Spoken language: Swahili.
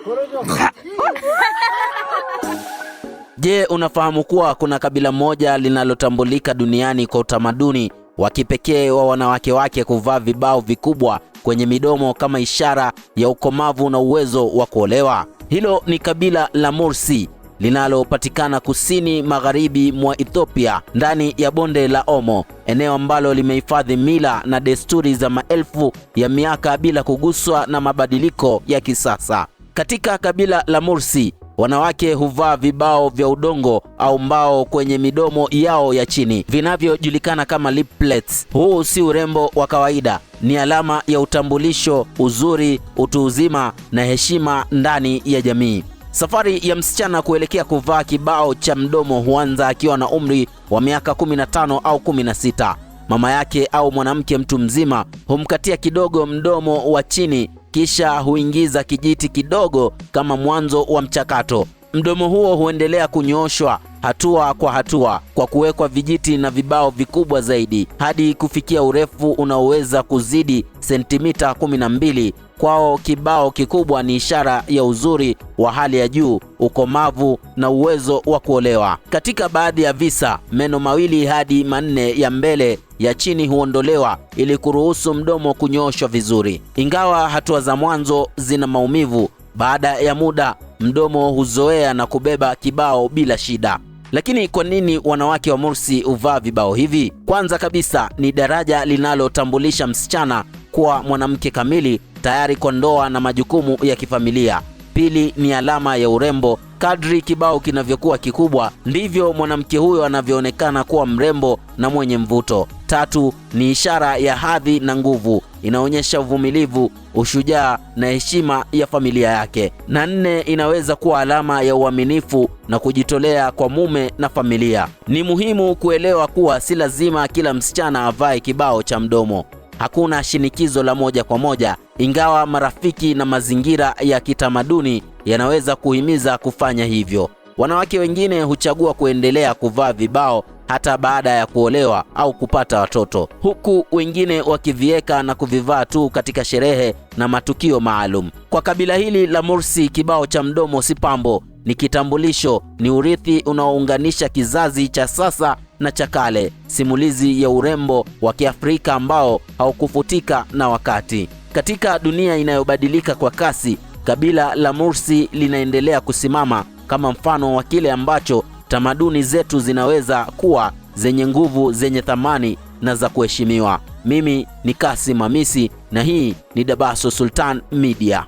Je, unafahamu kuwa kuna kabila moja linalotambulika duniani kwa utamaduni wa kipekee wa wanawake wake kuvaa vibao vikubwa kwenye midomo kama ishara ya ukomavu na uwezo wa kuolewa? Hilo ni kabila la Mursi linalopatikana kusini magharibi mwa Ethiopia ndani ya bonde la Omo, eneo ambalo limehifadhi mila na desturi za maelfu ya miaka bila kuguswa na mabadiliko ya kisasa. Katika kabila la Mursi, wanawake huvaa vibao vya udongo au mbao kwenye midomo yao ya chini vinavyojulikana kama plates. Huu si urembo wa kawaida, ni alama ya utambulisho, uzuri, utu uzima na heshima ndani ya jamii. Safari ya msichana kuelekea kuvaa kibao cha mdomo huanza akiwa na umri wa miaka 15 au 16. Mama yake au mwanamke mtu mzima humkatia kidogo mdomo wa chini kisha huingiza kijiti kidogo kama mwanzo wa mchakato. Mdomo huo huendelea kunyooshwa hatua kwa hatua kwa kuwekwa vijiti na vibao vikubwa zaidi hadi kufikia urefu unaoweza kuzidi sentimita 12. Kwao kibao kikubwa ni ishara ya uzuri wa hali ya juu, ukomavu na uwezo wa kuolewa. Katika baadhi ya visa, meno mawili hadi manne ya mbele ya chini huondolewa ili kuruhusu mdomo kunyooshwa vizuri. Ingawa hatua za mwanzo zina maumivu, baada ya muda mdomo huzoea na kubeba kibao bila shida. Lakini kwa nini wanawake wa Mursi huvaa vibao hivi? Kwanza kabisa ni daraja linalotambulisha msichana kuwa mwanamke kamili tayari kwa ndoa na majukumu ya kifamilia. Pili ni alama ya urembo. Kadri kibao kinavyokuwa kikubwa, ndivyo mwanamke huyo anavyoonekana kuwa mrembo na mwenye mvuto. Tatu ni ishara ya hadhi na nguvu inaonyesha uvumilivu, ushujaa na heshima ya familia yake. Na nne, inaweza kuwa alama ya uaminifu na kujitolea kwa mume na familia. Ni muhimu kuelewa kuwa si lazima kila msichana avae kibao cha mdomo. Hakuna shinikizo la moja kwa moja, ingawa marafiki na mazingira ya kitamaduni yanaweza kuhimiza kufanya hivyo. Wanawake wengine huchagua kuendelea kuvaa vibao hata baada ya kuolewa au kupata watoto, huku wengine wakivieka na kuvivaa tu katika sherehe na matukio maalum. Kwa kabila hili la Mursi, kibao cha mdomo si pambo, ni kitambulisho, ni urithi unaounganisha kizazi cha sasa na cha kale, simulizi ya urembo wa Kiafrika ambao haukufutika na wakati. Katika dunia inayobadilika kwa kasi, kabila la Mursi linaendelea kusimama kama mfano wa kile ambacho tamaduni zetu zinaweza kuwa zenye nguvu, zenye thamani na za kuheshimiwa. Mimi ni Kasim Hamisi na hii ni Dabaso Sultan Media.